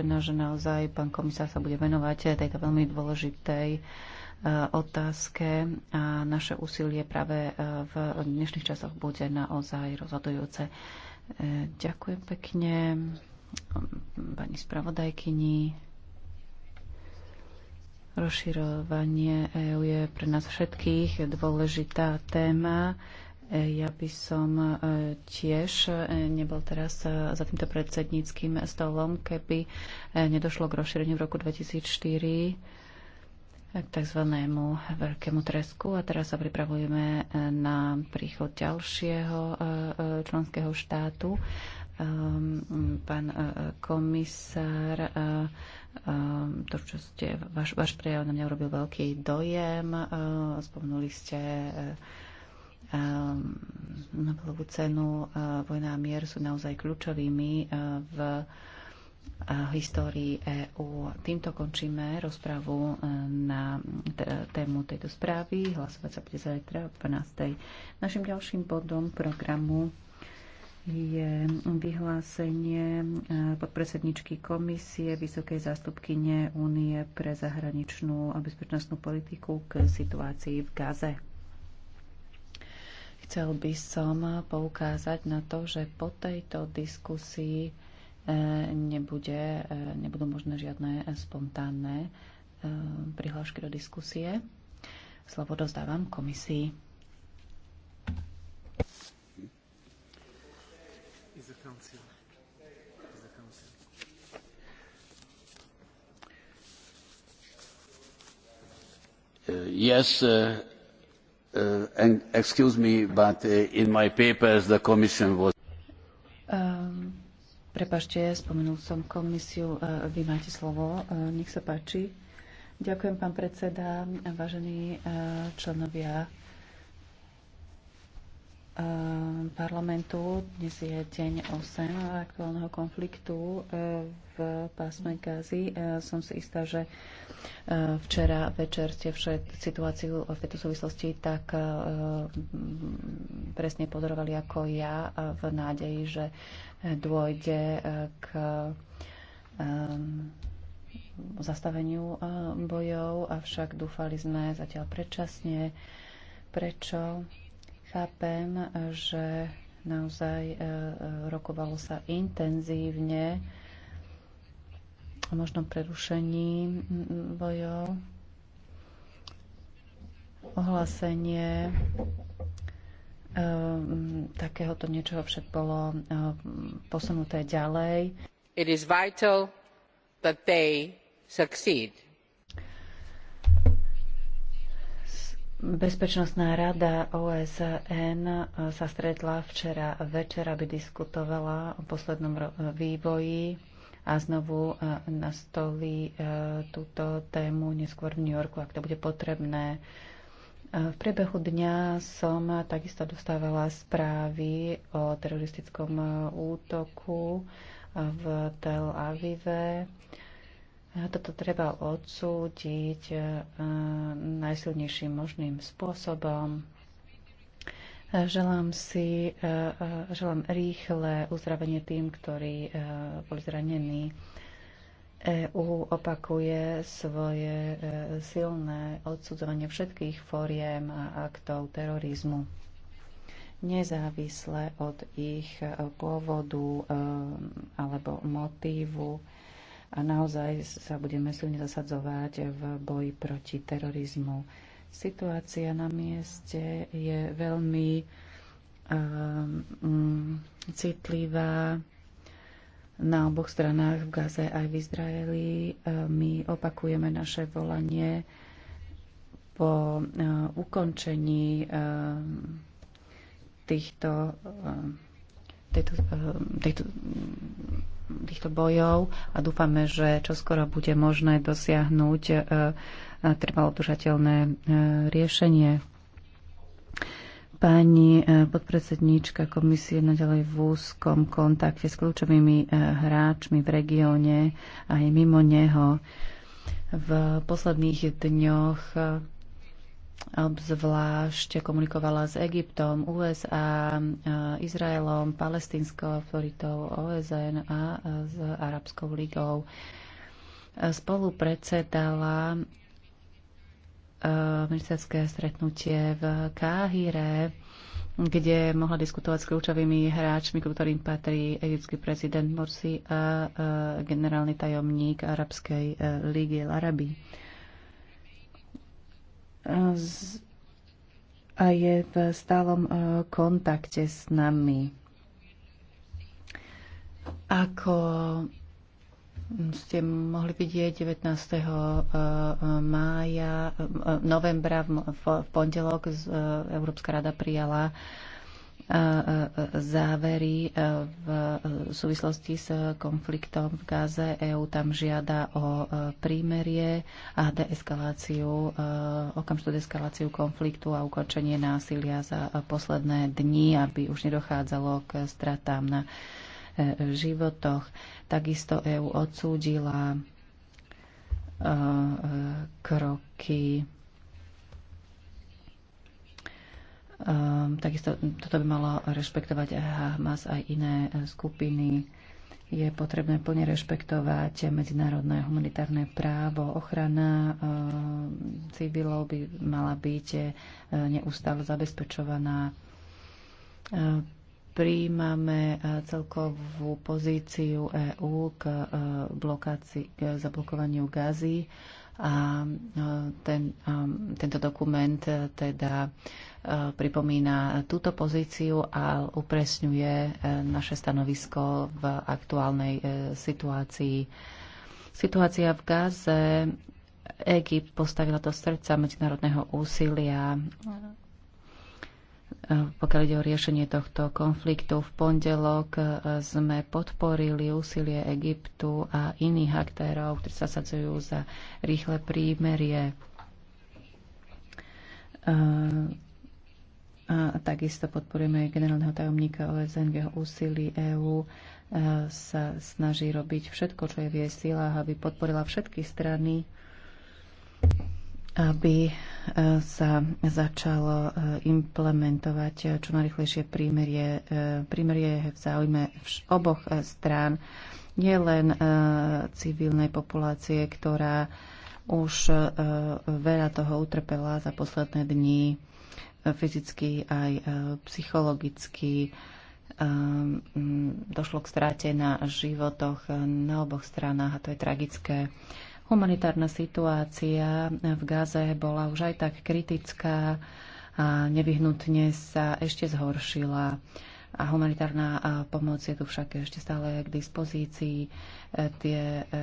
presvedčená, že naozaj pán komisár sa bude venovať tejto veľmi dôležitej e, otázke a naše úsilie práve e, v dnešných časoch bude naozaj rozhodujúce. E, ďakujem pekne pani spravodajkyni. Rozširovanie EU je pre nás všetkých dôležitá téma. Ja by som e, tiež e, nebol teraz e, za týmto predsedníckým stolom, keby nedošlo k rozšíreniu v roku 2004 k tzv. veľkému tresku a teraz sa pripravujeme na príchod ďalšieho členského štátu. Ehm, pán komisár, to, čo ste, váš, váš prejav na mňa urobil veľký dojem, spomnuli ste Ehm, Nobelovú cenu eh, Vojna a mier sú naozaj kľúčovými eh, v eh, histórii EÚ. Týmto končíme rozpravu na tému tejto správy. Hlasovať sa bude zajtra o 12. Našim ďalším bodom programu je vyhlásenie podpredsedničky komisie Vysokej zástupkyne Únie pre zahraničnú a bezpečnostnú politiku k situácii v Gaze. Chcel by som poukázať na to, že po tejto diskusii e, nebude, e, nebudú možné žiadne spontánne e, prihlášky do diskusie. Slovo dozdávam komisii. Yes, uh, Uh, excuse me, but uh, in my papers the commission was... Um, prepašte, spomenul som komisiu. Uh, vy máte slovo. Uh, nech sa páči. Ďakujem, pán predseda, vážení členovia Eh, parlamentu. Dnes je deň 8 aktuálneho konfliktu eh, v pásme Gazi eh, Som si istá, že včera večer ste všet situáciu v tejto súvislosti tak mm, presne pozorovali ako ja v nádeji, že dôjde k zastaveniu bojov, avšak dúfali sme zatiaľ predčasne. Prečo? Chápem, že naozaj e, e, rokovalo sa intenzívne o možnom prerušení bojov. Ohlásenie e, takéhoto niečoho však bolo posunuté ďalej. It is vital that they succeed Bezpečnostná rada OSN e, sa stretla včera večer, aby diskutovala o poslednom vývoji a znovu e, nastolí e, túto tému neskôr v New Yorku, ak to bude potrebné. V priebehu dňa som takisto dostávala správy o teroristickom útoku v Tel Avive toto treba odsúdiť e, najsilnejším možným spôsobom. Želám si, e, e, želám rýchle uzdravenie tým, ktorí boli zranení. EU opakuje svoje silné odsudzovanie všetkých fóriem a aktov terorizmu nezávisle od ich pôvodu alebo motívu a naozaj sa budeme silne zasadzovať v boji proti terorizmu. Situácia na mieste je veľmi um, citlivá na oboch stranách v Gaze aj v Izraeli. Ehm, my opakujeme naše volanie po ehm, ukončení týchto tejto, ehm, tejto, týchto bojov a dúfame, že čoskoro bude možné dosiahnuť e, e, trvalo e, riešenie. Pani podpredsedníčka komisie naďalej v úzkom kontakte s kľúčovými hráčmi v regióne a aj mimo neho. V posledných dňoch obzvlášť komunikovala s Egyptom, USA, eh, Izraelom, Palestínskou autoritou, OSN a eh, s Arabskou ligou. Spolu predsedala eh, ministerské stretnutie v Káhire, kde mohla diskutovať s kľúčovými hráčmi, ktorým patrí egyptský prezident Morsi a generálny tajomník Arabskej ligy Larabi. Arabi a je v stálom e, kontakte s nami. Ako ste mohli vidieť 19. E, mája, e, novembra v pondelok Európska rada prijala závery v súvislosti s konfliktom v Gáze. EÚ tam žiada o prímerie a deeskaláciu, okamžitú deeskaláciu konfliktu a ukončenie násilia za posledné dni, aby už nedochádzalo k stratám na e, životoch. Takisto EÚ odsúdila kroky Ehm, takisto toto by malo rešpektovať aj Hamas aj iné e, skupiny. Je potrebné plne rešpektovať medzinárodné humanitárne právo. Ochrana ehm, civilov by mala byť e, neustále zabezpečovaná ehm, príjmame e, celkovú pozíciu EÚ k, blokácii, k zablokovaniu gazy a ten, tento dokument e, teda e, pripomína túto pozíciu a upresňuje e, naše stanovisko v aktuálnej situácii. Situácia v Gaze, Egypt postavila do srdca medzinárodného úsilia Eh, pokiaľ ide o riešenie tohto konfliktu, v pondelok eh, sme podporili úsilie Egyptu a iných aktérov, ktorí sa sadzujú za rýchle prímerie. Eh, a takisto podporujeme generálneho tajomníka OSN v jeho úsilí EÚ sa snaží robiť všetko, čo je v jej silách, aby podporila všetky strany aby e, sa začalo e, implementovať e, čo najrychlejšie prímerie. Prímerie je v záujme oboch strán, nie len civilnej populácie, ktorá už veľa toho utrpela za posledné dni fyzicky aj psychologicky. Došlo k stráte na životoch na oboch stranách a to je tragické. Humanitárna situácia v Gaze bola už aj tak kritická a nevyhnutne sa ešte zhoršila a humanitárna pomoc je tu však ešte stále k dispozícii. E, tie e, e,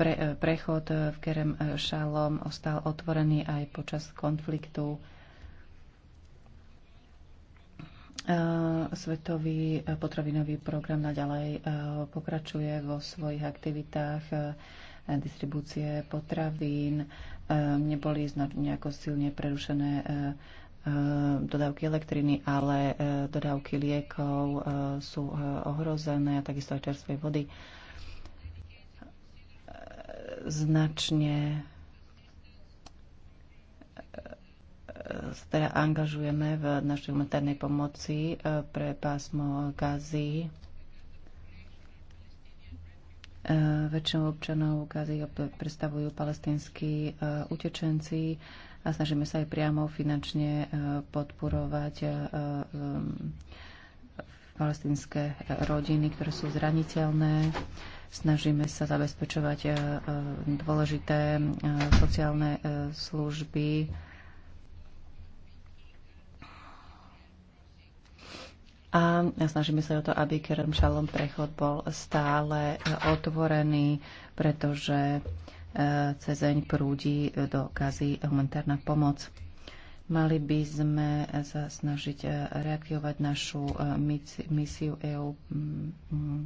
pre, prechod v Kerem Šalom ostal otvorený aj počas konfliktu Eh, Svetový eh, potravinový program naďalej eh, pokračuje vo svojich aktivitách distribúcie potravín. Neboli nejako silne prerušené dodávky elektriny, ale dodávky liekov sú ohrozené a takisto aj čerstvej vody. Značne E, teda angažujeme v našej humanitárnej pomoci e, pre pásmo Gazy. E, väčšinou občanov Gazy predstavujú palestinskí utečenci a snažíme sa aj priamo finančne podporovať palestinské rodiny, ktoré sú zraniteľné. Snažíme sa zabezpečovať dôležité sociálne služby a snažíme sa o to, aby Kerem Šalom prechod bol stále e, otvorený, pretože e, cezeň prúdi do kazy humanitárna pomoc. Mali by sme sa snažiť e, reaktivovať našu misiu EU mm, mm,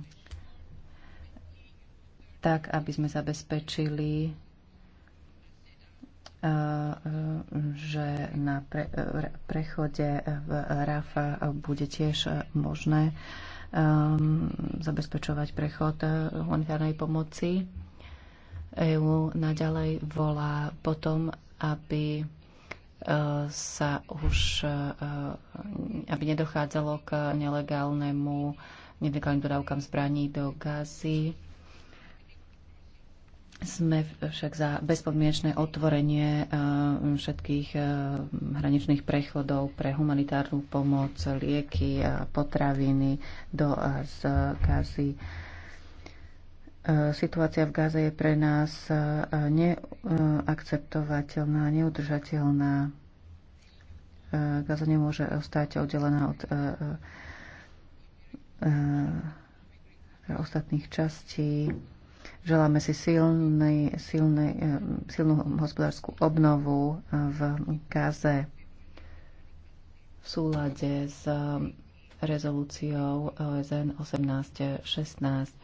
tak, aby sme zabezpečili že na pre, prechode v RAFA bude tiež možné um, zabezpečovať prechod humanitárnej pomoci. EÚ naďalej volá potom, aby e, sa už, e, aby nedochádzalo k nelegálnemu, nelegálnym dodávkam zbraní do Gazy sme však za bezpodmienečné otvorenie eh, všetkých eh, hraničných prechodov pre humanitárnu pomoc, lieky, a potraviny do a z Gazy. Situácia v Gaze je pre nás eh, neakceptovateľná, neudržateľná. Gaza nemôže ostať oddelená od ostatných častí Želáme si silný, silný, eh, silnú hospodárskú obnovu eh, v Gaze v súlade s eh, rezolúciou OSN 1816.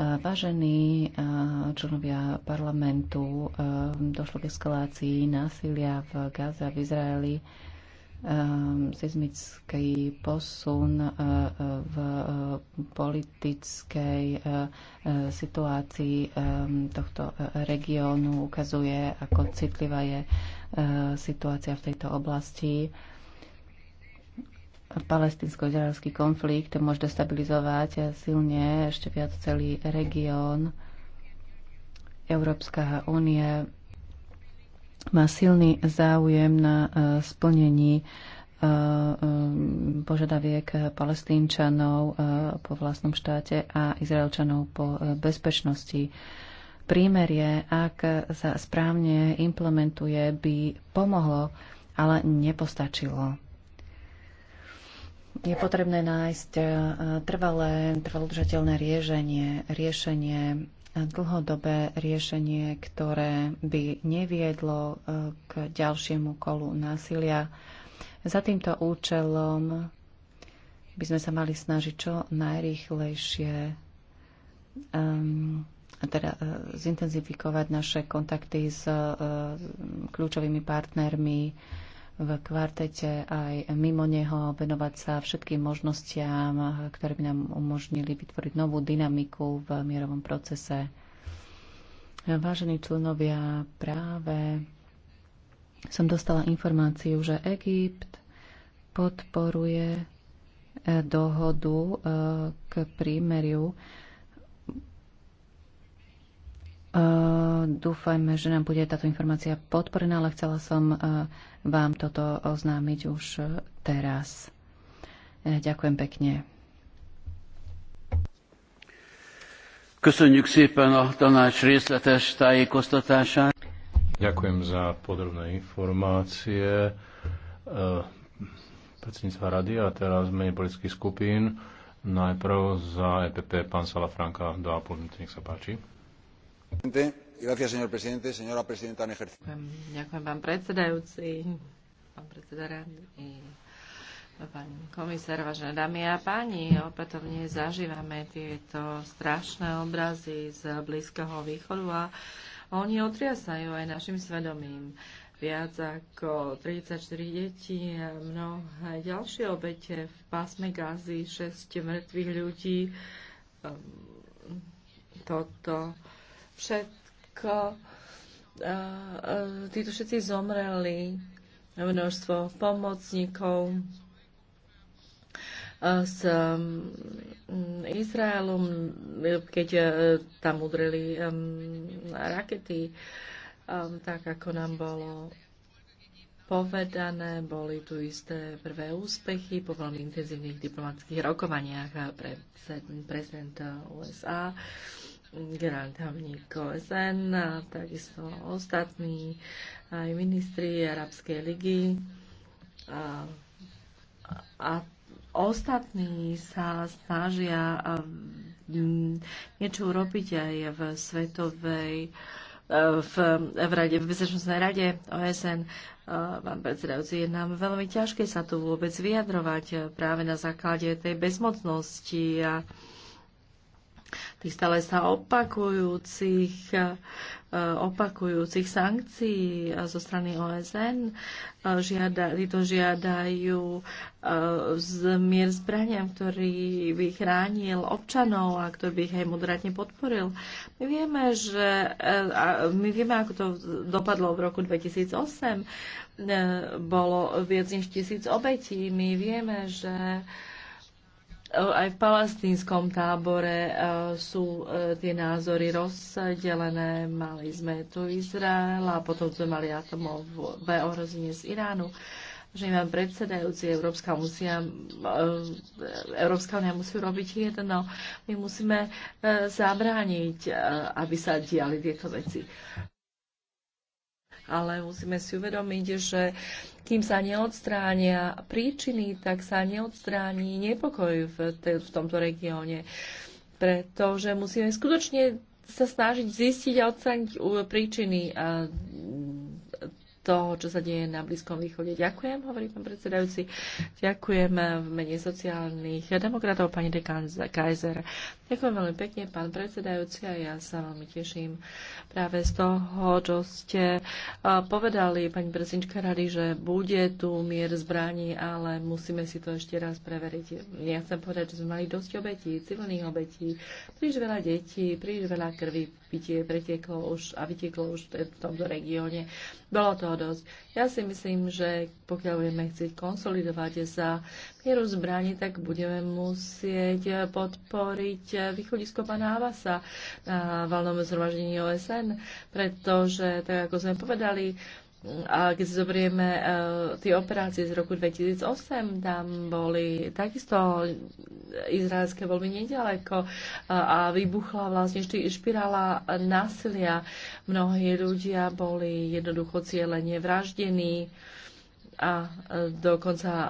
Vážení členovia parlamentu, došlo k eskalácii násilia v Gaze a v Izraeli Ehm, seismický posun eh, v eh, politickej eh, situácii ehm, tohto regiónu ukazuje, ako citlivá je situácia v tejto oblasti. Palestinsko-izraelský konflikt môže destabilizovať silne ešte viac celý región. Európska únia má silný záujem na e, splnení e, e, požiadaviek palestínčanov po vlastnom štáte a izraelčanov po bezpečnosti. Prímerie, ak sa správne implementuje, by pomohlo, ale nepostačilo. Je potrebné nájsť trvalé, trvalodržateľné riešenie, riešenie dlhodobé riešenie, ktoré by neviedlo e, k ďalšiemu kolu násilia. Za týmto účelom by sme sa mali snažiť čo najrýchlejšie um, teda, e, zintenzifikovať naše kontakty s uh, kľúčovými partnermi, v kvartete aj mimo neho, venovať sa všetkým možnostiam, ktoré by nám umožnili vytvoriť novú dynamiku v mierovom procese. Vážení členovia, práve som dostala informáciu, že Egypt podporuje eh, dohodu eh, k prímeriu Ehm, dúfajme, že nám bude táto informácia podporená, ale chcela som ehm, vám toto oznámiť už e, teraz. E, ďakujem pekne. Köszönjük szépen a tanács részletes tájékoztatását. Ďakujem za podrobné informácie e, predsedníctva rady a teraz menej politických skupín. Najprv za EPP pán Salafranka do minúty, nech sa páči. Ďakujem, pán predsedajúci, pán e, a páni. Opätovne zažívame tieto strašné obrazy z Blízkeho východu a oni otriasajú aj našim svedomím. Viac ako 34 detí a mnohé ďalšie obete v pásme Gazi, 6 mŕtvych ľudí. Ehm, toto všetko, títo všetci zomreli, množstvo pomocníkov z Izraelu, keď e, tam udreli e, rakety, e, tak ako nám bolo povedané, boli tu isté prvé úspechy po veľmi intenzívnych diplomatických rokovaniach pre prezident USA generálny tajomník OSN a takisto ostatní aj ministri Arabskej ligy. A, a ostatní sa snažia niečo urobiť aj v svetovej e, v, v, rade, v Bezpečnostnej rade OSN. Pán predsedajúci, je nám veľmi ťažké sa tu vôbec vyjadrovať e, práve na základe tej bezmocnosti a tých stále sa opakujúcich, e, opakujúcich sankcií e, zo strany OSN. E, žiada, títo žiadajú zmier zbraniam, ktorý by chránil občanov a ktorý by ich aj moderátne podporil. My vieme, že, my vieme, ako to dopadlo v roku 2008. Bolo viac než tisíc obetí. My vieme, že aj v palestínskom tábore e, sú e, tie názory rozdelené. Mali sme tu Izrael a potom sme mali atomové ohrozenie z Iránu. Že vám predsedajúci Európska, musia, e, Európska unia musí robiť jedno. My musíme zabrániť, aby sa diali tieto veci ale musíme si uvedomiť, že kým sa neodstránia príčiny, tak sa neodstráni nepokoj v, te, v tomto regióne. Pretože musíme skutočne sa snažiť zistiť a odstrániť príčiny toho, čo sa deje na Blízkom východe. Ďakujem, hovorí pán predsedajúci. Ďakujem v mene sociálnych demokratov, pani Dekán Kaiser. Ďakujem veľmi pekne, pán predsedajúci, a ja sa veľmi teším práve z toho, čo ste povedali, pani predsednička rady, že bude tu mier zbraní, ale musíme si to ešte raz preveriť. Ja chcem povedať, že sme mali dosť obetí, civilných obetí, príliš veľa detí, príliš veľa krvi pitie pretieklo už a vytieklo už v tomto regióne. Bolo to toho dosť. Ja si myslím, že pokiaľ budeme chcieť konsolidovať za mieru zbraní, tak budeme musieť podporiť východisko pána Havasa na valnom zhromaždení OSN, pretože, tak ako sme povedali, a keď si zoberieme uh, tie operácie z roku 2008, tam boli takisto izraelské voľby nedaleko uh, a vybuchla vlastne špirála násilia. Mnohí ľudia boli jednoducho cieľene vraždení. Uh, a e, dokonca e,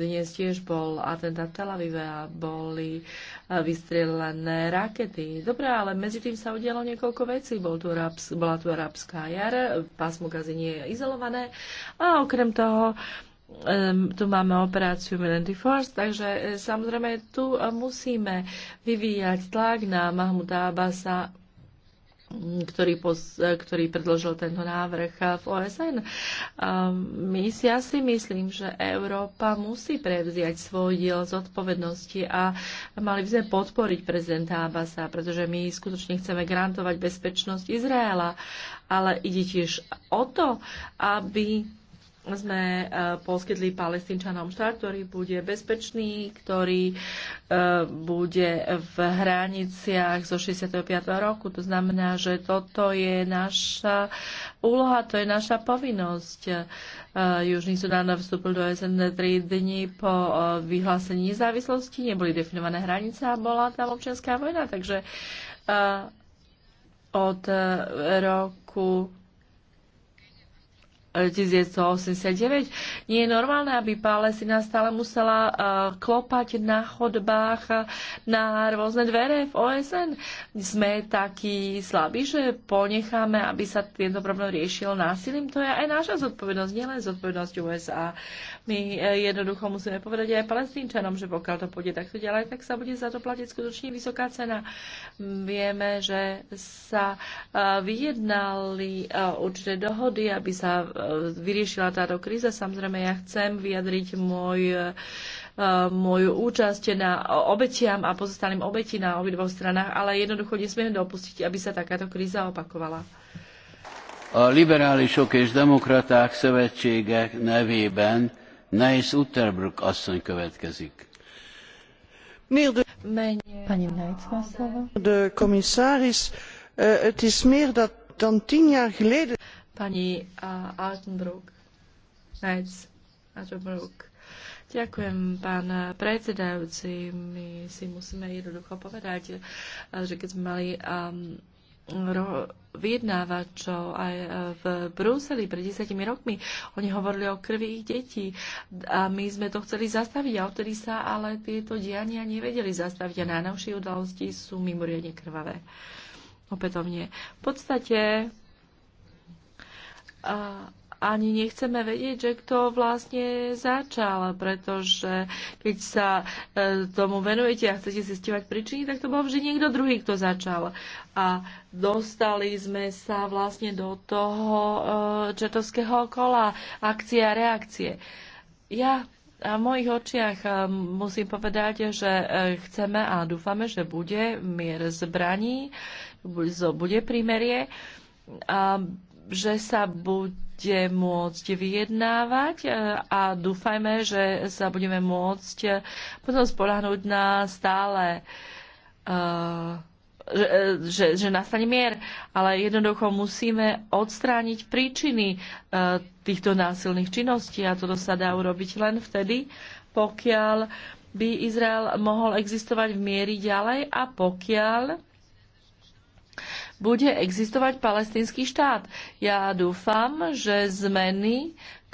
dnes tiež bol atentát v Tel Avive a boli e, vystrelené rakety. Dobre, ale medzi tým sa udialo niekoľko vecí. Bol tu Raps, bola tu arabská jar, pásmo gazy nie je izolované a okrem toho tu máme operáciu Millennium Force, takže samozrejme tu musíme vyvíjať tlak na Mahmuda Abasa ktorý, pos, ktorý predložil tento návrh v OSN. My si ja si myslím, že Európa musí prevziať svoj diel zodpovednosti a mali by sme podporiť prezidenta Abasa, pretože my skutočne chceme garantovať bezpečnosť Izraela, ale ide tiež o to, aby sme e, poskytli palestínčanom štát, ktorý bude bezpečný, ktorý e, bude v hraniciach zo 65. roku. To znamená, že toto je naša úloha, to je naša povinnosť. E, Južný Sudán vstúpil do SN 3 dní po vyhlásení nezávislosti, neboli definované hranice a bola tam občianská vojna. Takže od roku 1989. Nie je normálne, aby Palestina stále musela eh, klopať na chodbách na rôzne dvere v OSN. Sme takí slabí, že ponecháme, aby sa tento problém riešil násilím. To je aj naša zodpovednosť, nielen zodpovednosť USA. My eh, jednoducho musíme povedať aj palestínčanom, že pokiaľ to pôjde takto ďalej, tak sa bude za to platiť skutočne vysoká cena. Vieme, že sa eh, vyjednali určité dohody, aby sa E, vyriešila táto kríza. Samozrejme, ja chcem vyjadriť môj e, moju účasť na obetiam a pozostaným obeti na obidvoch stranách, ale jednoducho nesmieme dopustiť, aby sa takáto kríza opakovala. A liberálisok és demokraták szövetsége nevében Neis Utterbrook asszony következik. Meneer Pani de commissaris, eh, het is meer dan tien jaar geleden pani Altenbrook. Nec. Altenbrook. Ďakujem, pán predsedajúci. My si musíme jednoducho povedať, e, že keď sme mali um, vyjednávačov aj e, v Bruseli pred desiatimi rokmi. Oni hovorili o krvi ich detí a my sme to chceli zastaviť a odtedy sa ale tieto diania nevedeli zastaviť a najnovšie udalosti sú mimoriadne krvavé. Opätovne. V podstate a ani nechceme vedieť, že kto vlastne začal, pretože keď sa e, tomu venujete a chcete zistivať príčiny, tak to bol vždy niekto druhý, kto začal. A dostali sme sa vlastne do toho e, četovského kola akcia reakcie. Ja a v mojich očiach e, musím povedať, že chceme a dúfame, že bude mier zbraní, bude primerie. A že sa bude môcť vyjednávať e, a dúfajme, že sa budeme môcť e, potom spolahnúť na stále e, že, že, že nastane mier, ale jednoducho musíme odstrániť príčiny týchto násilných činností a toto sa dá urobiť len vtedy, pokiaľ by Izrael mohol existovať v miery ďalej a pokiaľ bude existovať palestínsky štát. Ja dúfam, že zmeny,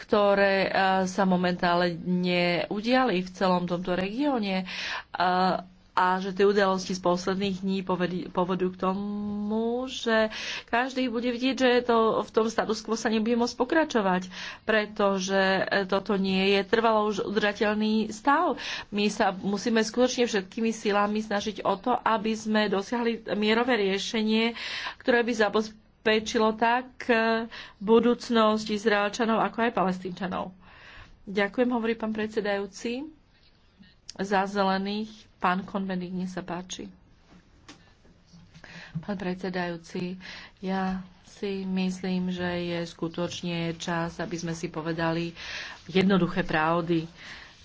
ktoré eh, sa momentálne udiali v celom tomto regióne, eh, a že tie udalosti z posledných dní povedi, povedú k tomu, že každý bude vidieť, že to v tom status quo sa nebude môcť pokračovať, pretože e, toto nie je trvalo už udržateľný stav. My sa musíme skutočne všetkými silami snažiť o to, aby sme dosiahli mierové riešenie, ktoré by zabezpečilo tak e, budúcnosť Izraelčanov ako aj Palestínčanov. Ďakujem, hovorí pán predsedajúci. Za zelených Pán Konvenik, nech sa páči. Pán predsedajúci, ja si myslím, že je skutočne čas, aby sme si povedali jednoduché pravdy.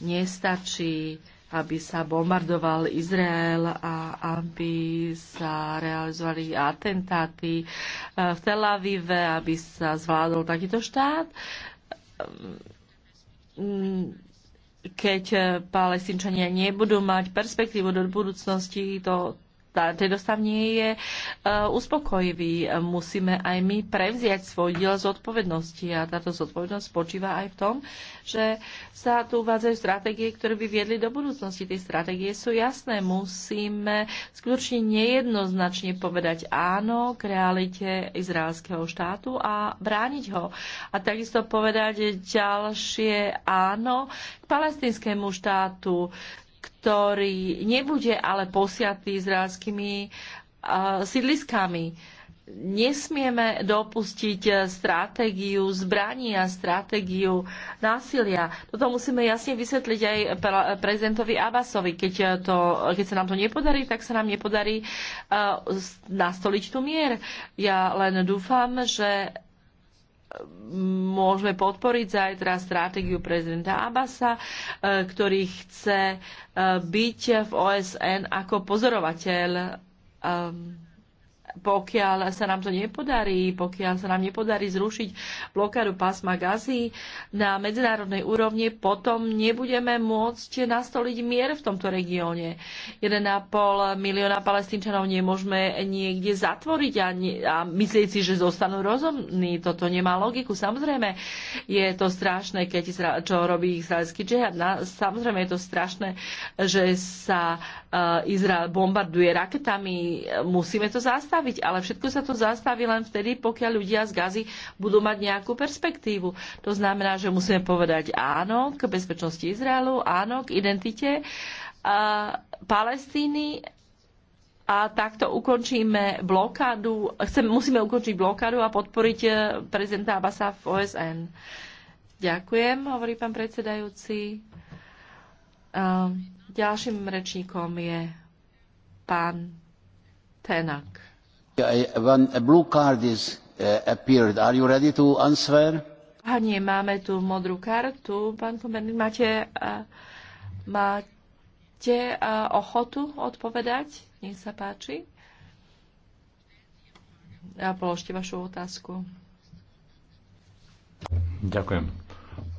Nestačí, aby sa bombardoval Izrael a aby sa realizovali atentáty eh, v Tel Avive, aby sa zvládol takýto štát mm, keď eh, palestinčania nebudú mať perspektívu do budúcnosti, to, ten dostav nie je e, uspokojivý. Musíme aj my prevziať svoj diel zodpovednosti a táto zodpovednosť spočíva aj v tom, že sa tu uvádzajú stratégie, ktoré by viedli do budúcnosti. Tie stratégie sú jasné. Musíme skutočne nejednoznačne povedať áno k realite izraelského štátu a brániť ho. A takisto povedať ďalšie áno k palestinskému štátu ktorý nebude ale posiatý izraelskými uh, sídliskami. Nesmieme dopustiť stratégiu zbraní a stratégiu násilia. Toto musíme jasne vysvetliť aj prezidentovi Abbasovi. Keď, to, keď sa nám to nepodarí, tak sa nám nepodarí uh, nastoliť tu mier. Ja len dúfam, že môžeme podporiť zajtra stratégiu prezidenta Abasa, e, ktorý chce e, byť v OSN ako pozorovateľ um, pokiaľ sa nám to nepodarí, pokiaľ sa nám nepodarí zrušiť blokádu pásma Gazy na medzinárodnej úrovni, potom nebudeme môcť nastoliť mier v tomto regióne. 1,5 milióna palestínčanov nemôžeme niekde zatvoriť a, ne, a myslieť si, že zostanú rozumní. Toto nemá logiku. Samozrejme, je to strašné, keď čo robí izraelský džihad. Samozrejme, je to strašné, že sa eh, Izrael bombarduje raketami. Musíme to zastaviť zastaviť, ale všetko sa to zastaví len vtedy, pokiaľ ľudia z Gazy budú mať nejakú perspektívu. To znamená, že musíme povedať áno k bezpečnosti Izraelu, áno k identite a Palestíny a takto ukončíme blokádu, chcem, musíme ukončiť blokádu a podporiť e, prezidenta Abasa v OSN. Ďakujem, hovorí pán predsedajúci. Ďalším rečníkom je pán Tenak. Hanie, uh, máme tu modrú kartu. Pán Komerník, máte, máte ochotu odpovedať? Nech sa páči. Ja položte vašu otázku. Ďakujem.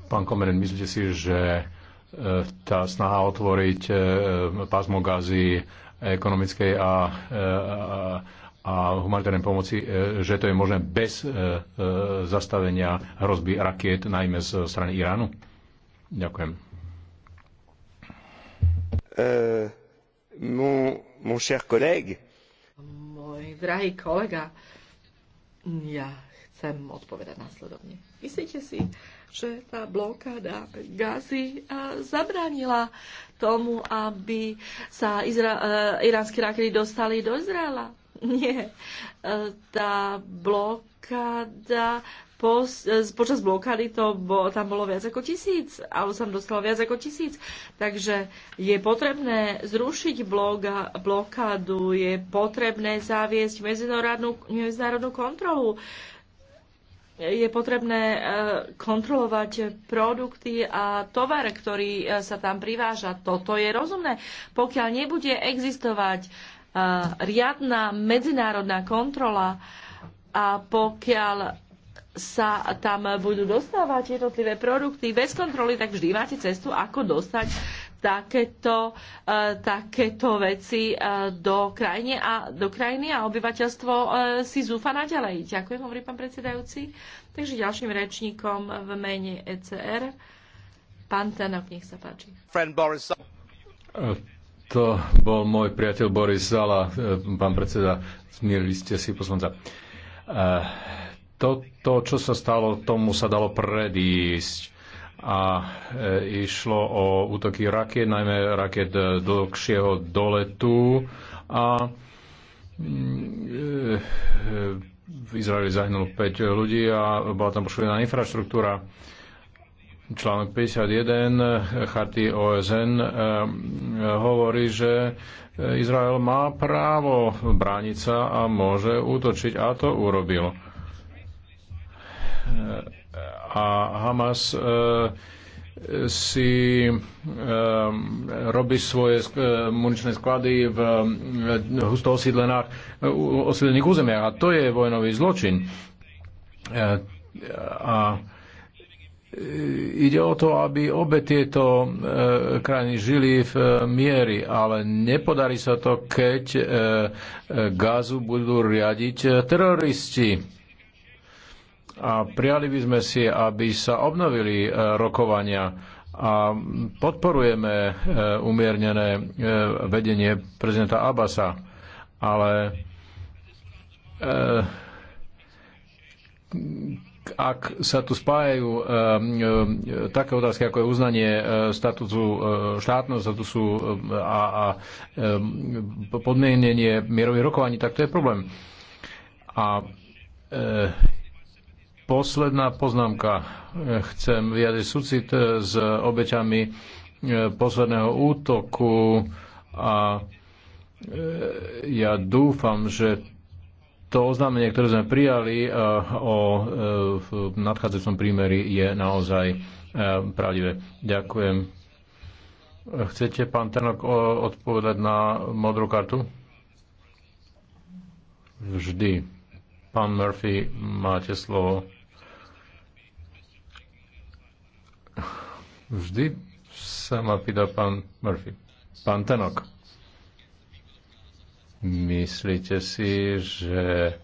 Pán Komerin, myslíte si, že e, tá snaha otvoriť e, pásmo gazy ekonomickej a, e, a, a a humanitárnej pomoci, e, že to je možné bez e, e, zastavenia hrozby rakiet, najmä z strany Iránu? Ďakujem. Uh, mon, mon cher collègue. Môj drahý kolega, ja chcem odpovedať následovne. Myslíte si, že tá blokáda Gazy e, zabránila tomu, aby sa Izra- e, iránsky rakety dostali do Izraela. Nie. E, tá blokáda počas blokády to bo, tam bolo viac ako tisíc, ale som dostala viac ako tisíc. Takže je potrebné zrušiť bloga, blokádu, je potrebné zaviesť medzinárodnú, medzinárodnú kontrolu je potrebné e, kontrolovať produkty a tovar, ktorý e, sa tam priváža. Toto je rozumné. Pokiaľ nebude existovať e, riadna medzinárodná kontrola a pokiaľ sa tam budú dostávať jednotlivé produkty bez kontroly, tak vždy máte cestu, ako dostať takéto, eh, takéto veci eh, do krajiny, a, do krajiny a obyvateľstvo eh, si zúfa naďalej. Ďakujem, hovorí pán predsedajúci. Takže ďalším rečníkom v mene ECR, pán Tenok, nech sa páči. To bol môj priateľ Boris Zala, pán predseda, zmierili ste si poslanca. To, to, čo sa stalo, tomu sa dalo predísť a e, išlo o útoky raket, najmä raket e, dlhšieho doletu a mm, e, v Izraeli zahynulo 5 ľudí a bola tam poškodená infraštruktúra. Článok 51 charty OSN hovorí, že Izrael má právo brániť sa a môže útočiť a to urobil a Hamas e, si e, robí svoje e, muničné sklady v husto osídlených, osídlených územiach. A to je vojnový zločin. A ide o to, aby obe tieto krajiny žili v miery, ale nepodarí sa to, keď Gazu budú riadiť teroristi a prijali by sme si, aby sa obnovili e, rokovania a podporujeme e, umiernené e, vedenie prezidenta Abasa, ale ak sa tu spájajú také otázky, ako je uznanie statusu štátneho statusu a, a podmienenie mierových rokovaní, tak to je problém. A Posledná poznámka. Chcem vyjadriť súcit e, s obeťami e, posledného útoku a e, ja dúfam, že to oznámenie, ktoré sme prijali o nadchádzajúcom prímeri je naozaj pravdivé. Ďakujem. Chcete, pán Trnok, odpovedať na modrú kartu? Vždy. Pán Murphy, máte slovo. Vždy sa ma pýta pán Murphy. Pán Tenok, myslíte si, že e,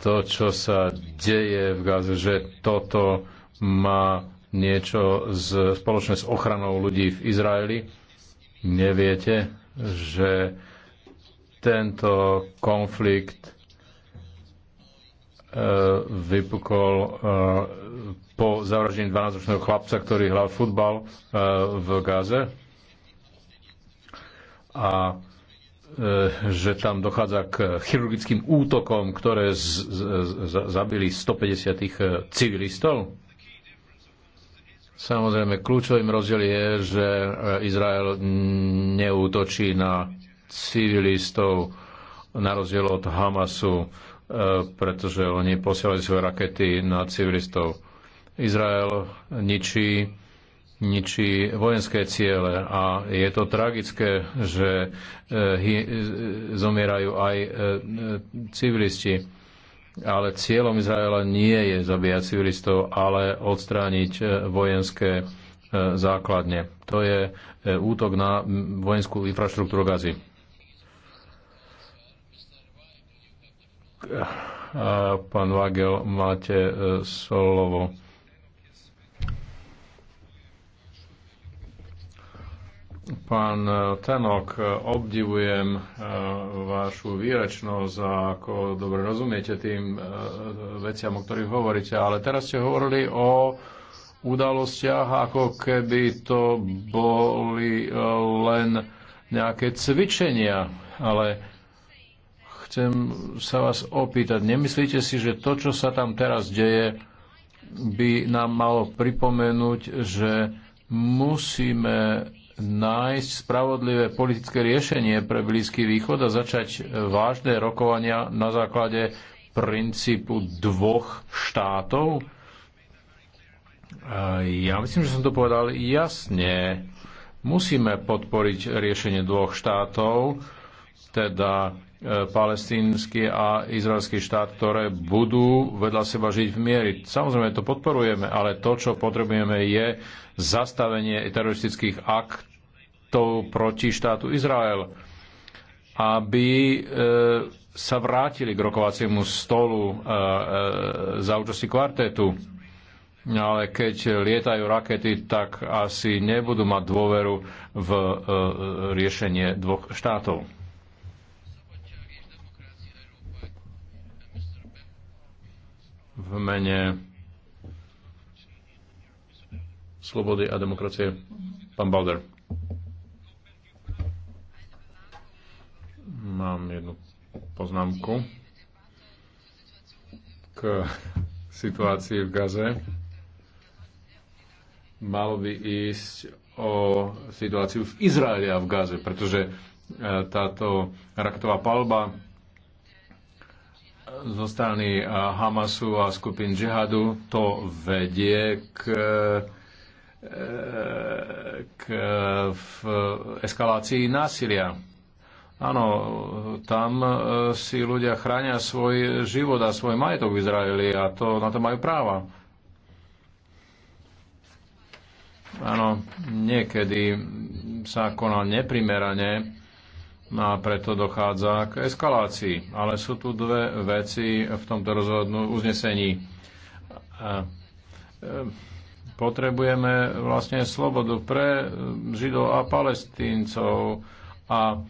to, čo sa deje v Gaze, že toto má niečo z, spoločné s ochranou ľudí v Izraeli? Neviete, že tento konflikt e, vypukol e, po zavraždení 12-ročného chlapca, ktorý hral futbal e, v Gáze a e, že tam dochádza k chirurgickým útokom, ktoré z, z, z, zabili 150 e, civilistov. Samozrejme, kľúčovým rozdiel je, že Izrael neútočí na civilistov na rozdiel od Hamasu, pretože oni posielajú svoje rakety na civilistov Izrael ničí, ničí vojenské ciele a je to tragické, že e, e, zomierajú aj e, civilisti. Ale cieľom Izraela nie je zabíjať civilistov, ale odstrániť vojenské základne. To je útok na vojenskú infraštruktúru Gazy. Pán Vagel, máte slovo. Pán eh, Tanok, eh, obdivujem eh, vašu výračnosť a ako dobre rozumiete tým veciam, o ktorých hovoríte, ale teraz ste hovorili o udalostiach, ako keby to boli len nejaké cvičenia, ale chcem sa vás opýtať, nemyslíte si, že to, čo sa tam teraz deje, by nám malo pripomenúť, že musíme nájsť spravodlivé politické riešenie pre Blízky východ a začať e, vážne rokovania na základe princípu dvoch štátov? E, ja myslím, že som to povedal jasne. Musíme podporiť riešenie dvoch štátov, teda E, palestínsky a izraelský štát, ktoré budú vedľa seba žiť v miery. Samozrejme, to podporujeme, ale to, čo potrebujeme, je zastavenie teroristických aktov proti štátu Izrael, aby e, sa vrátili k rokovaciemu stolu e, za účasti kvartetu. Ale keď lietajú rakety, tak asi nebudú mať dôveru v riešenie dvoch štátov. v mene slobody a demokracie. Pán Balder. Mám jednu poznámku k situácii v Gaze. Malo by ísť o situáciu v Izraeli a v Gaze, pretože e, táto raketová palba zo strany eh, Hamasu a skupín džihadu, to vedie k, eh, k v eskalácii násilia. Áno, tam eh, si ľudia chránia svoj život a svoj majetok v Izraeli a to, na to majú práva. Áno, niekedy sa koná neprimerane No a preto dochádza k eskalácii. Ale sú tu dve veci v tomto rozhodnú uznesení. E, potrebujeme vlastne slobodu pre Židov a Palestíncov a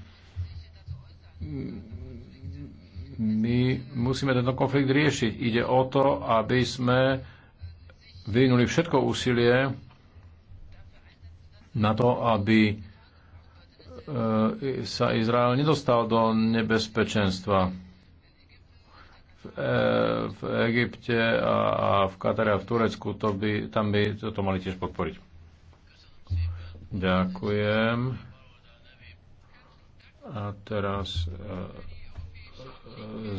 my musíme tento konflikt riešiť. Ide o to, aby sme vyvinuli všetko úsilie na to, aby E, sa Izrael nedostal do nebezpečenstva. V, e, Egypte a, v Katare a v Turecku to by, tam by toto mali tiež podporiť. Ďakujem. A teraz e,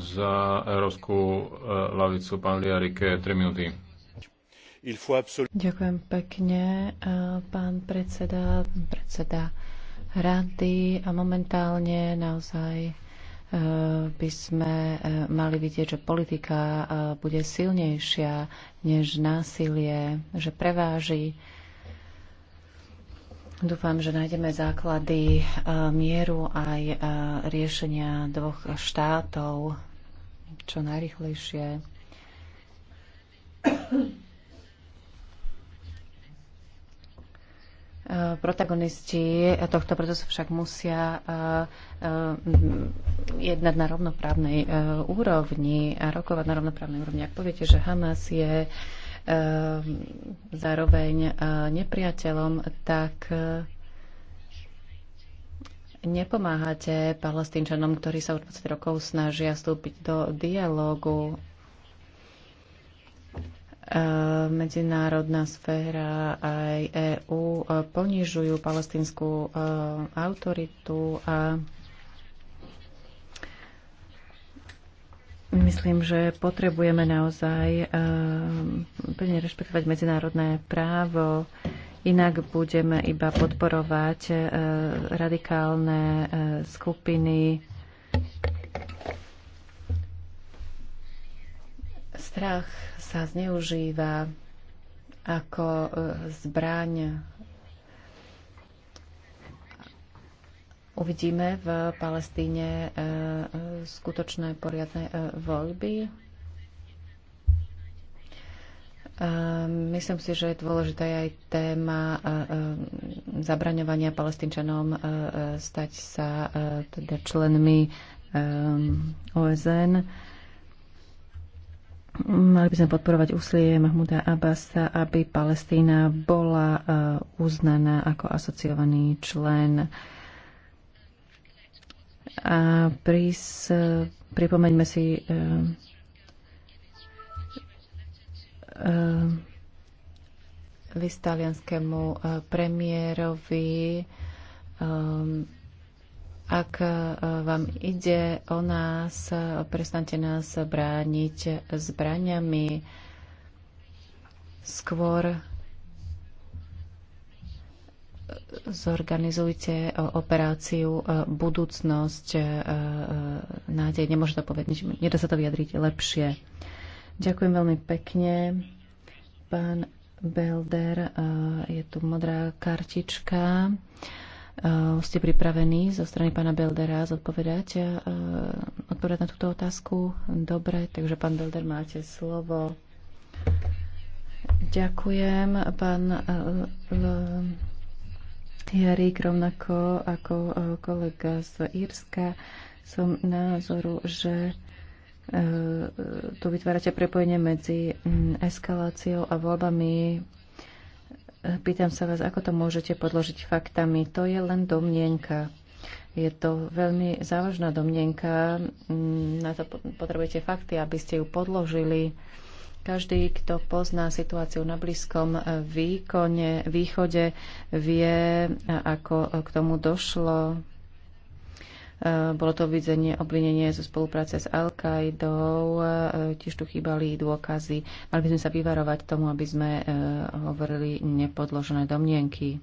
za Európsku lavicu pán Liarike 3 minúty. Ďakujem pekne, pán predseda, predseda rady a momentálne naozaj e, by sme e, mali vidieť, že politika e, bude silnejšia než násilie, že preváži. Dúfam, že nájdeme základy mieru aj riešenia dvoch štátov čo najrychlejšie. Eh, protagonisti tohto procesu však musia eh, eh, jednať na rovnoprávnej úrovni a rokovať na rovnoprávnej úrovni. Ak poviete, že Hamas je zároveň nepriateľom, tak nepomáhate palestínčanom, ktorí sa od 20 rokov snažia vstúpiť do dialógu E, medzinárodná sféra aj EÚ e, ponižujú palestinskú e, autoritu a Myslím, že potrebujeme naozaj plne rešpektovať medzinárodné právo, inak budeme iba podporovať radikálne skupiny, Strach sa zneužíva ako e, zbraň. Uvidíme v Palestíne e, e, skutočné poriadne voľby. Myslím si, že je dôležitá aj téma zabraňovania palestinčanom stať sa teda členmi OSN. Mali by sme podporovať úsilie Mahmuda Abbasa, aby Palestína bola eh, uznaná ako asociovaný člen. A prís, eh, pripomeňme si uh, eh, uh, listalianskému uh, premiérovi um, ak e, vám ide o nás, e, prestante nás brániť zbraniami. Skôr e, zorganizujte operáciu budúcnosť nádej. nemôžete to povedať, nedá sa to vyjadriť lepšie. Ďakujem veľmi pekne. Pán Belder, je tu modrá kartička. Eh, ste pripravení zo strany pána Beldera zodpovedať, eh, odpovedať na túto otázku? Dobre, takže pán Belder, máte slovo. Ďakujem, pán eh, Jarík, rovnako ako kolega z Írska. Som názoru, že tu vytvárate prepojenie medzi mm, eskaláciou a voľbami Pýtam sa vás, ako to môžete podložiť faktami. To je len domnienka. Je to veľmi závažná domnienka. Mm, na to potrebujete fakty, aby ste ju podložili. Každý, kto pozná situáciu na Blízkom e, výkone, východe, vie, ako k tomu došlo Eh, bolo to vidzenie obvinenie zo spolupráce s Al-Qaidou, eh, tiež tu chýbali dôkazy. Mali by sme sa vyvarovať tomu, aby sme eh, hovorili nepodložené domnienky.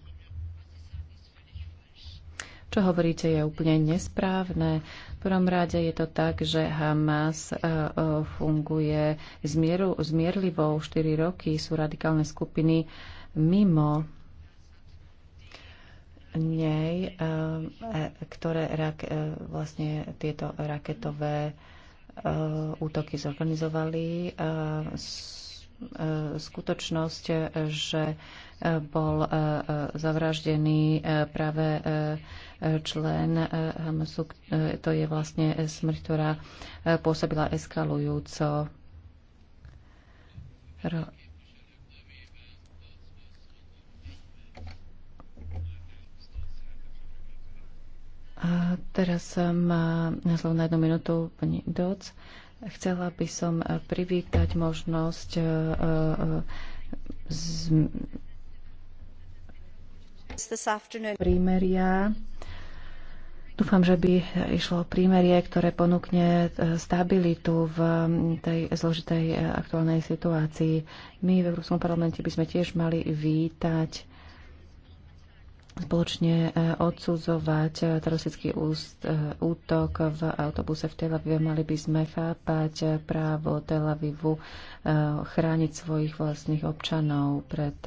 Čo hovoríte, je úplne nesprávne. V prvom rade je to tak, že Hamas funguje zmieru, zmierlivou 4 roky, sú radikálne skupiny mimo nej, eh, e, ktoré e, vlastne tieto raketové e, útoky zorganizovali. Skutočnosť, že bol zavraždený práve člen Hamasu, to je vlastne smrť, ktorá pôsobila eskalujúco A teraz eh, má na slovo na jednu minútu pani Doc. Chcela by som eh, privítať možnosť eh, z... prímeria Dúfam, že by išlo o prímerie, ktoré ponúkne stabilitu v mm, tej zložitej aktuálnej situácii. My v Európskom parlamente by sme tiež mali vítať spoločne e, odsudzovať e, teroristický e, útok v autobuse v Tel Avive. Mali by sme chápať právo Tel Avivu chrániť svojich vlastných občanov pred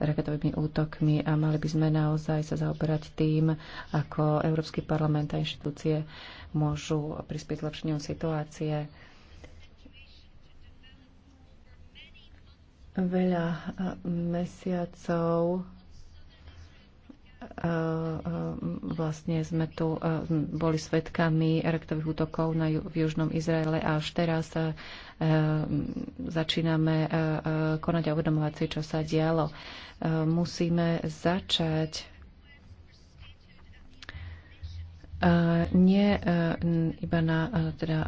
raketovými útokmi a mali by sme naozaj sa zaoberať tým, ako Európsky parlament a inštitúcie môžu prispieť k lepšeniu situácie. Veľa mesiacov Eh, eh, vlastne sme tu eh, boli svetkami raktových útokov na, v južnom Izraele a až teraz začíname konať a uvedomovať si, čo sa dialo. Musíme začať nie iba na teda,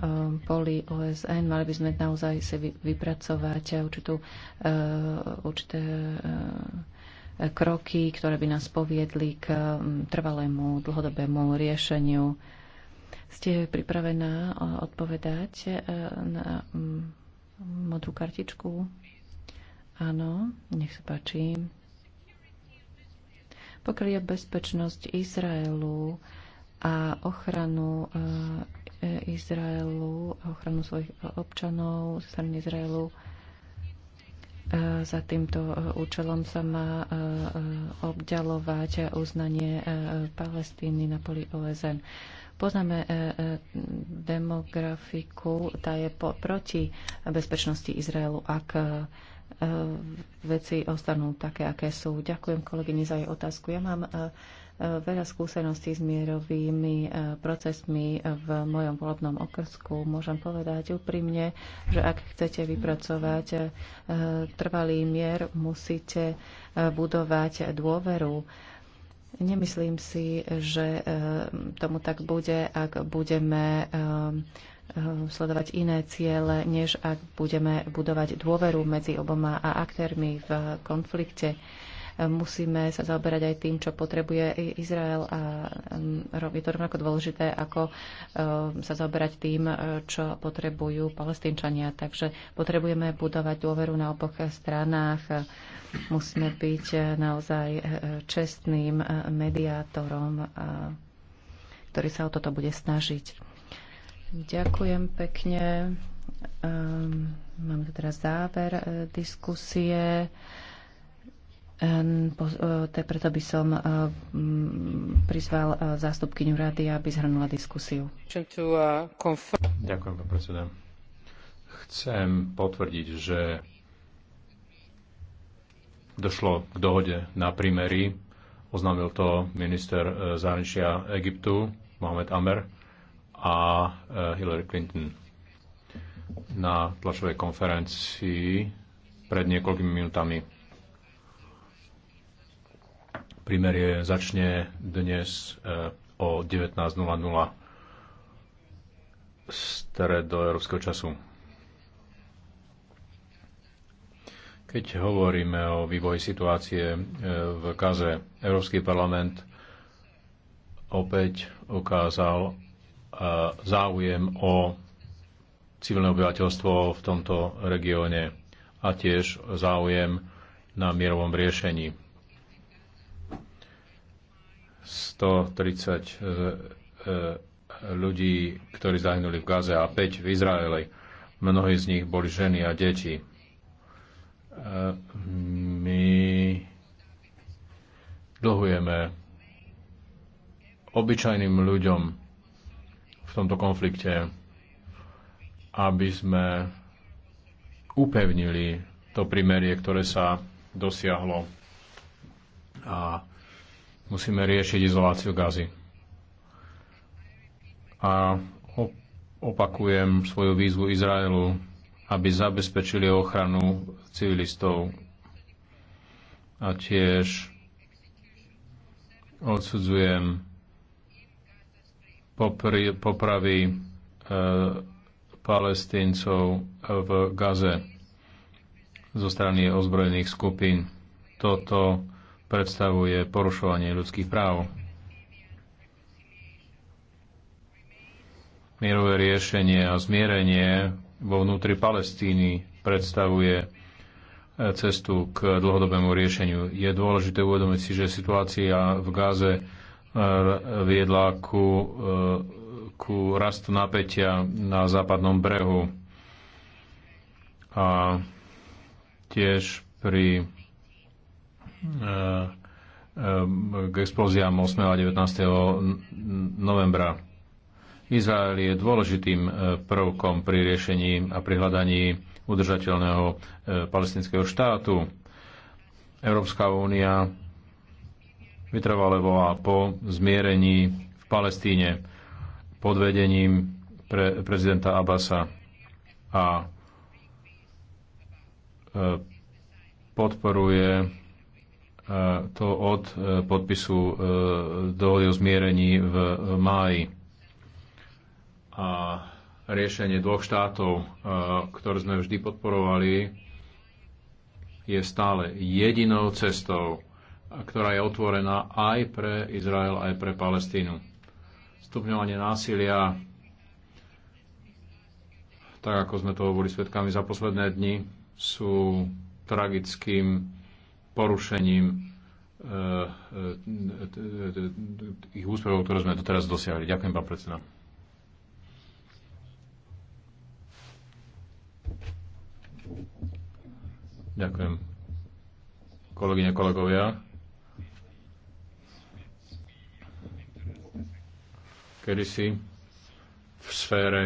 poli OSN, mali by sme naozaj si vypracovať určitú, určité kroky, ktoré by nás poviedli k mm, trvalému dlhodobému riešeniu. Ste pripravená odpovedať e, na mm, modrú kartičku? Áno, nech sa páči. Pokiaľ je bezpečnosť Izraelu a ochranu e, e, Izraelu, ochranu svojich občanov, strany Izraelu, E, za týmto e, účelom sa má e, obďalovať uznanie Palestíny na poli OSN. Poznáme demografiku, tá je po, proti bezpečnosti Izraelu, ak veci ostanú také, aké sú. Ďakujem kolegyni za jej otázku. Ja mám veľa skúseností s mierovými e, procesmi v mojom volebnom okrsku. Môžem povedať úprimne, že ak chcete vypracovať e, trvalý mier, musíte e, budovať dôveru. Nemyslím si, že tomu tak bude, ak budeme sledovať iné ciele, než ak budeme budovať dôveru medzi oboma a aktérmi v konflikte. Musíme sa zaoberať aj tým, čo potrebuje Izrael a mm, je to rovnako dôležité, ako e, sa zaoberať tým, e, čo potrebujú palestínčania. Takže potrebujeme budovať dôveru na oboch stranách. Musíme byť e, naozaj čestným mediátorom, ktorý sa o toto bude snažiť. Ďakujem pekne. Ehm, máme tu teraz záver diskusie. Ehm, e, preto by som e, prizval e, zástupkyňu rady, aby zhrnula diskusiu. Ďakujem, pán predseda. Chcem potvrdiť, že došlo k dohode na primery. Oznámil to minister zahraničia Egyptu Mohamed Amer a Hillary Clinton na tlačovej konferencii pred niekoľkými minutami Primerie začne dnes eh, o 19.00 stred do európskeho času. Keď hovoríme o vývoji situácie eh, v Kaze, Európsky parlament opäť ukázal eh, záujem o civilné obyvateľstvo v tomto regióne a tiež záujem na mierovom riešení. 130 e, e, ľudí, ktorí zahynuli v Gaze a 5 v Izraeli. Mnohí z nich boli ženy a deti. E, my dlhujeme obyčajným ľuďom v tomto konflikte, aby sme upevnili to primerie, ktoré sa dosiahlo a Musíme riešiť izoláciu gazy. A opakujem svoju výzvu Izraelu, aby zabezpečili ochranu civilistov a tiež odsudzujem popri, popravy e, palestíncov v Gaze zo strany ozbrojených skupín. Toto predstavuje porušovanie ľudských práv. Mierové riešenie a zmierenie vo vnútri Palestíny predstavuje e, cestu k dlhodobému riešeniu. Je dôležité uvedomiť si, že situácia v Gáze e, viedla ku, e, ku rastu napätia na západnom brehu a tiež pri Eh, eh, k explóziám 8. a 19. novembra. Izrael je dôležitým eh, prvkom pri riešení a pri hľadaní udržateľného palestinského štátu. Európska únia vytrvale volá po zmierení v Palestíne pod vedením pre prezidenta Abasa a podporuje to od e, podpisu e, dohody o zmierení v e, máji. A riešenie dvoch štátov, ktoré sme vždy podporovali, je stále jedinou cestou, ktorá je otvorená aj pre Izrael, aj pre Palestínu. Stupňovanie násilia, tak ako sme to boli svetkami za posledné dni, sú tragickým porušením eh, eh, ich úspechov, ktoré sme doteraz dosiahli. Ďakujem, pán predseda. Ďakujem. Kolegyne, kolegovia. Kedy si v sfére